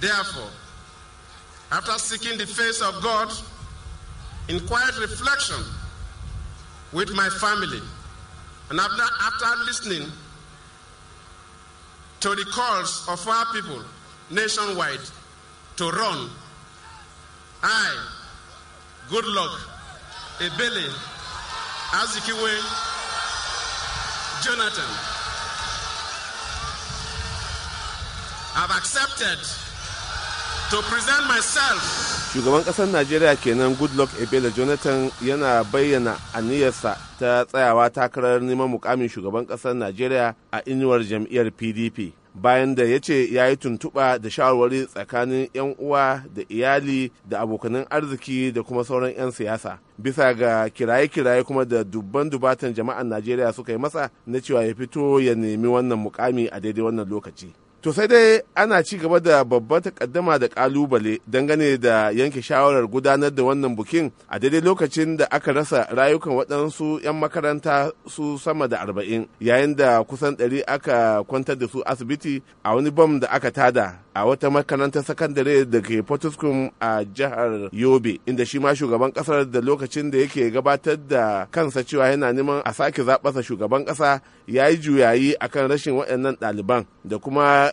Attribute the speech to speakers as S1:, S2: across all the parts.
S1: Therefore, after seeking the face of God in quiet reflection with my family, and after, after listening to the calls of our people nationwide to run, I, Goodluck, Ebele, Azikiwe, Jonathan, have accepted to present myself. Shugaban ƙasar Najeriya kenan Goodluck Ebele Jonathan yana bayyana aniyarsa ta tsayawa takarar neman mukamin shugaban ƙasar Najeriya a inuwar jam'iyyar PDP. Bayan da ya ce ya yi tuntuɓa da shawarwari tsakanin 'yan uwa da iyali da abokanan arziki da kuma sauran 'yan siyasa. Bisa ga kiraye-kiraye kuma da dubban dubatan jama'an Najeriya suka yi masa na cewa ya fito ya nemi wannan mukami a daidai wannan lokaci. To sai dai ana ci gaba da babbar takaddama da kalubale dangane da yanke shawarar gudanar da wannan bukin a daidai lokacin da aka rasa rayukan waɗansu 'yan makaranta su sama da arba'in yayin da kusan ɗari aka kwantar da su asibiti a wani bam da aka tada a wata makarantar sakandare da ke Potoskum a jihar Yobe inda shi ma shugaban kasar da lokacin da yake gabatar da kansa cewa yana neman a sake zaɓasa shugaban ƙasa ya yi juyayi akan rashin waɗannan ɗaliban da kuma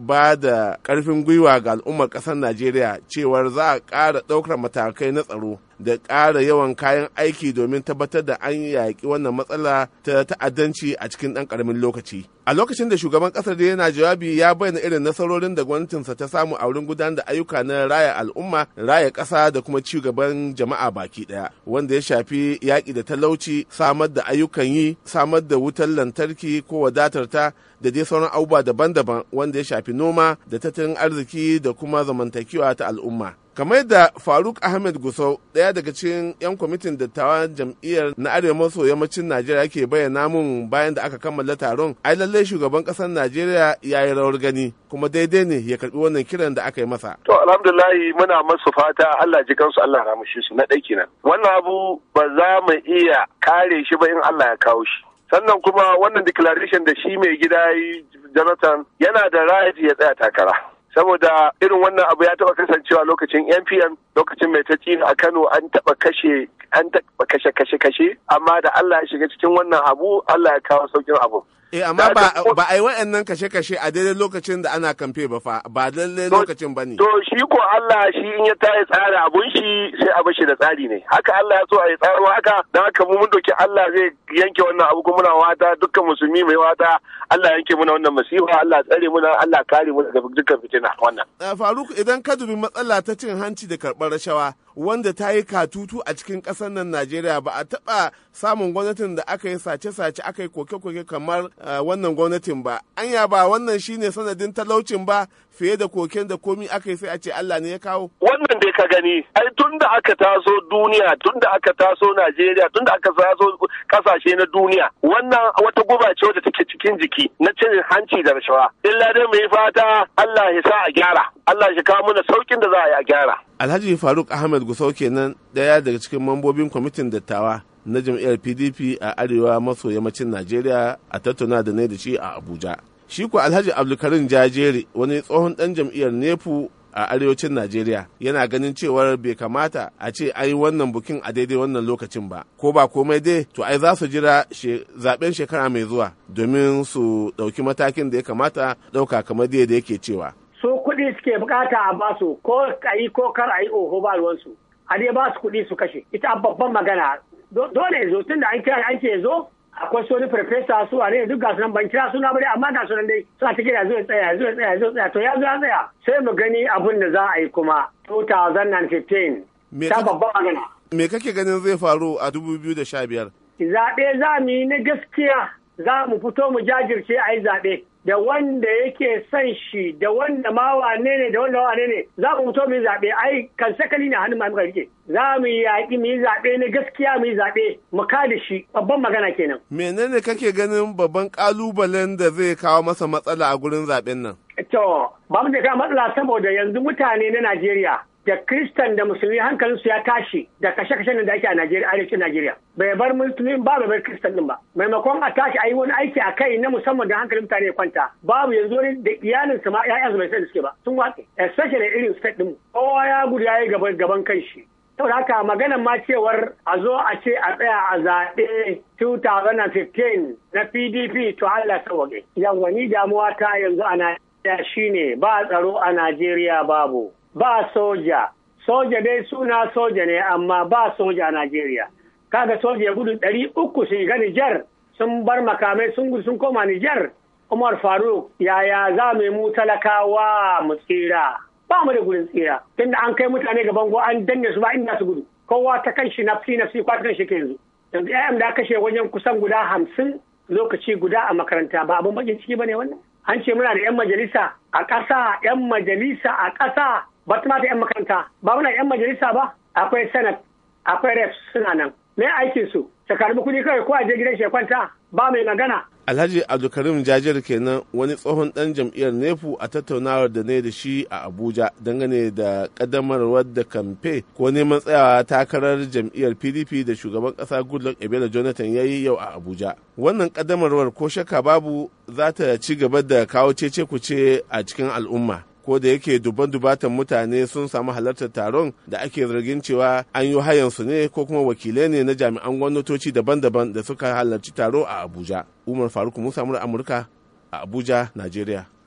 S1: ba da ƙarfin gwiwa ga al'ummar kasar najeriya cewar za a ƙara ɗaukar matakai na tsaro da ƙara yawan kayan aiki domin tabbatar da an yaƙi wannan matsala ta ta'addanci a cikin ɗan ƙaramin lokaci. A lokacin da shugaban ƙasar da yana jawabi ya bayyana irin nasarorin da gwamnatinsa ta samu a wurin gudanar da ayyuka na raya al'umma, raya ƙasa da kuma ci gaban jama'a baki ɗaya, wanda ya shafi yaƙi da talauci, samar da ayyukan yi, samar da wutar lantarki ko wadatar ta da dai sauran abubuwa daban-daban wanda ya shafi shafi noma da tattalin arziki da kuma zamantakewa ta al'umma. kamar da faruk ahmed gusau ɗaya daga cikin 'yan kwamitin dattawan jam'iyyar na arewa maso yammacin najeriya ke bayyana mun bayan da aka kammala taron ai lallai shugaban ƙasar najeriya ya yi rawar gani kuma daidai ne ya karbi wannan kiran da aka yi masa
S2: to alhamdulillahi muna masu fata allah ji kansu allah ramushi su na ɗaki nan wannan abu ba za mu iya kare shi ba in allah ya kawo shi sannan kuma wannan declaration da shi mai gida yi jonathan yana da raji ya tsaya takara saboda irin wannan abu ya taba kasancewa lokacin npm lokacin mai taci a kano an taba kashe an taba kashe kashe kashe amma da allah ya shiga cikin wannan abu allah ya kawo saukin abu Eh amma ba ba ai
S1: wa'annan kashe-kashe a daidai lokacin da ana kamfe ba fa ba lallai lokacin
S2: bane. To shi ko Allah shi in ya tayi tsara abun shi sai a shi da tsari ne. Haka Allah ya so a yi tsaro haka dan haka mu mun doki Allah zai yanke wannan abu kuma muna wata dukkan musulmi mai wata Allah yanke muna wannan masifa Allah tsare muna Allah kare muna daga dukkan fitina wannan.
S1: Eh, Faruk idan ka dubi matsala ta cin hanci da karɓar rashawa wanda ta yi katutu a cikin ƙasar nan Najeriya ba a taɓa samun gwamnatin da aka yi sace-sace aka yi koke-koke kamar eh, wannan gwamnatin ba. Anya ba wannan shine sanadin talaucin ba fiye da koken da komi aka yi sai a ce Allah ne ya kawo.
S2: Wannan dai ka gani, ai tun da aka taso duniya, tun da aka taso Najeriya, tun da aka taso kasashe na duniya, wannan wata guba ce wata take cikin jiki na cin hanci da rashawa. Illa dai mai fata Allah ya sa a gyara. Allah ya kawo mana saukin da za a yi a gyara.
S1: Alhaji Faruk Ahmed Gusau kenan ɗaya daga cikin mambobin kwamitin dattawa na jam'iyyar pdp a arewa maso yammacin najeriya a tattauna da ne da shi a abuja shi ko alhaji abdulkarim jajere wani tsohon dan jam'iyyar nepu a arewacin najeriya yana ganin cewar bai kamata a ce ai wannan bukin a daidai wannan lokacin ba ko ba komai dai to ai za su jira zaben shekara mai zuwa domin su ɗauki matakin da ya kamata ɗauka kamar da yake cewa
S3: su kuɗi suke bukata a basu ko a yi ko kar yi oho ba ruwansu a dai ba su kuɗi su kashe ita babban magana dole ya zo an kira an ke zo akwai su farfesa su A duk ga sunan ban kira suna bane amma ga sunan dai suna ta yanzu zai tsaya zai tsaya zai tsaya to ya zo ya tsaya sai mu gani abin da za a yi kuma 2015 ta babban magana me kake ganin zai
S1: faru a 2015
S3: zaɓe za mu yi na gaskiya za mu fito mu jajirce a yi zaɓe da wanda yake son shi da wanda ma wane ne da wanda wane ne za mu fito mu yi zaɓe ai kan sakali ne hannun mamu rike za mu yi yaƙi mu yi zaɓe ne gaskiya mu yi zaɓe mu da shi babban magana kenan. menene kake ganin babban ƙalubalen da zai kawo
S1: masa matsala a gurin zaɓen nan.
S3: to ba mu da matsala saboda yanzu mutane na najeriya da kristan da musulmi su ya tashi da kashe-kashen da ake a Najeriya arewacin Najeriya bai bar musulmi ba bai bar kristan din ba maimakon a tashi a yi wani aiki a kai na musamman da hankalin mutane ya kwanta babu yanzu wani da iyalin su ma ƴaƴansu bai san da suke ba sun watsi especially irin state din kowa ya gudu ya yi gaban gaban shi saboda haka maganan ma cewar a zo a ce a tsaya a zaɓe 2015 na PDP to Allah waje. Yan ni damuwa ta yanzu a Najeriya shine ba tsaro a Najeriya babu. ba soja soja dai suna soja ne amma ba soja a Najeriya kaga soja ya gudu ɗari uku su ga Nijar sun bar makamai sun gudu sun koma Nijar Umar Faruk yaya za mu mu talakawa mu tsira ba mu da gudun tsira tunda an kai mutane ga bango an danne su ba inda su gudu kowa ta kan shi nafsi nafsi kwa ta kan shi ke yanzu yanzu ƴaƴan da kashe wajen kusan guda hamsin lokaci guda a makaranta ba abin bakin ciki bane wannan an ce muna da 'yan majalisa a ƙasa 'yan majalisa a ƙasa ba ta 'yan makaranta ba muna 'yan majalisa ba akwai senat akwai ref suna nan me aikin su ta karbi kuɗi kawai ko a je gidan shekwanta ba mai magana
S1: Alhaji Abdulkarim Jajir kenan wani tsohon dan jam'iyyar Nefu a tattaunawar da ne da shi a Abuja dangane da ƙaddamarwar da kamfe ko neman tsayawa takarar jam'iyyar PDP da shugaban ƙasa Goodluck Ebele Jonathan ya yi yau a Abuja. Wannan ƙaddamarwar ko shaka babu za ta ci gaba da kawo cece kuce a cikin al'umma. ko da yake duban dubatan mutane sun samu halartar taron da ake zargin cewa an yi hayansu ne ko kuma wakilai ne na jami'an gwamnatoci daban-daban da suka halarci taro a abuja umar faruk musa amurka a abuja najeriya